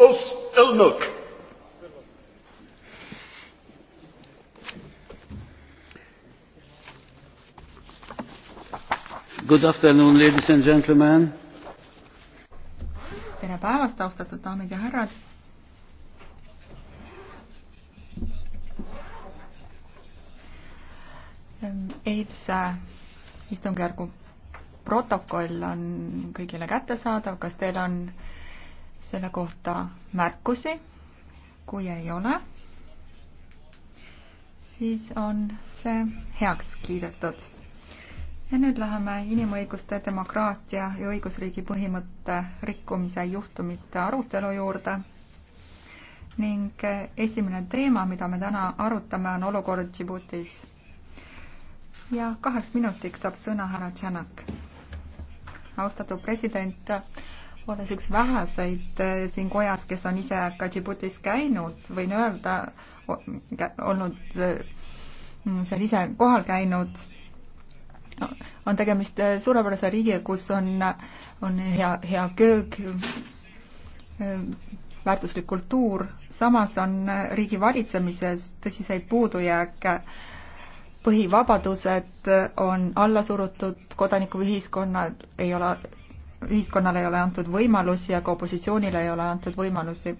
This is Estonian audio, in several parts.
أس النك Good afternoon, ladies and gentlemen. tere päevast, austatud daamid ja härrad. eilse istungjärgu protokoll on kõigile kättesaadav, kas teil on selle kohta märkusi? kui ei ole, siis on see heaks kiidetud. ja nüüd läheme inimõiguste, demokraatia ja õigusriigi põhimõtte rikkumise juhtumite arutelu juurde. ning esimene teema, mida me täna arutame, on olukord Djiboutis ja kaheks minutiks saab sõna härra Tšanak. austatud president, olles üks väheseid eh, siin kojas, kes on ise ka Djiboutis käinud, võin öelda, olnud eh, seal ise kohal käinud, on tegemist eh, suurepärase riigiga, kus on, on hea, hea köök, väärtuslik kultuur, samas on riigi valitsemises tõsiseid puudujääke põhivabadused on alla surutud, kodanikuühiskonnad ei ole ühiskonnale ei ole antud võimalusi ja ka opositsioonile ei ole antud võimalusi.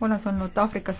olles olnud Aafrikas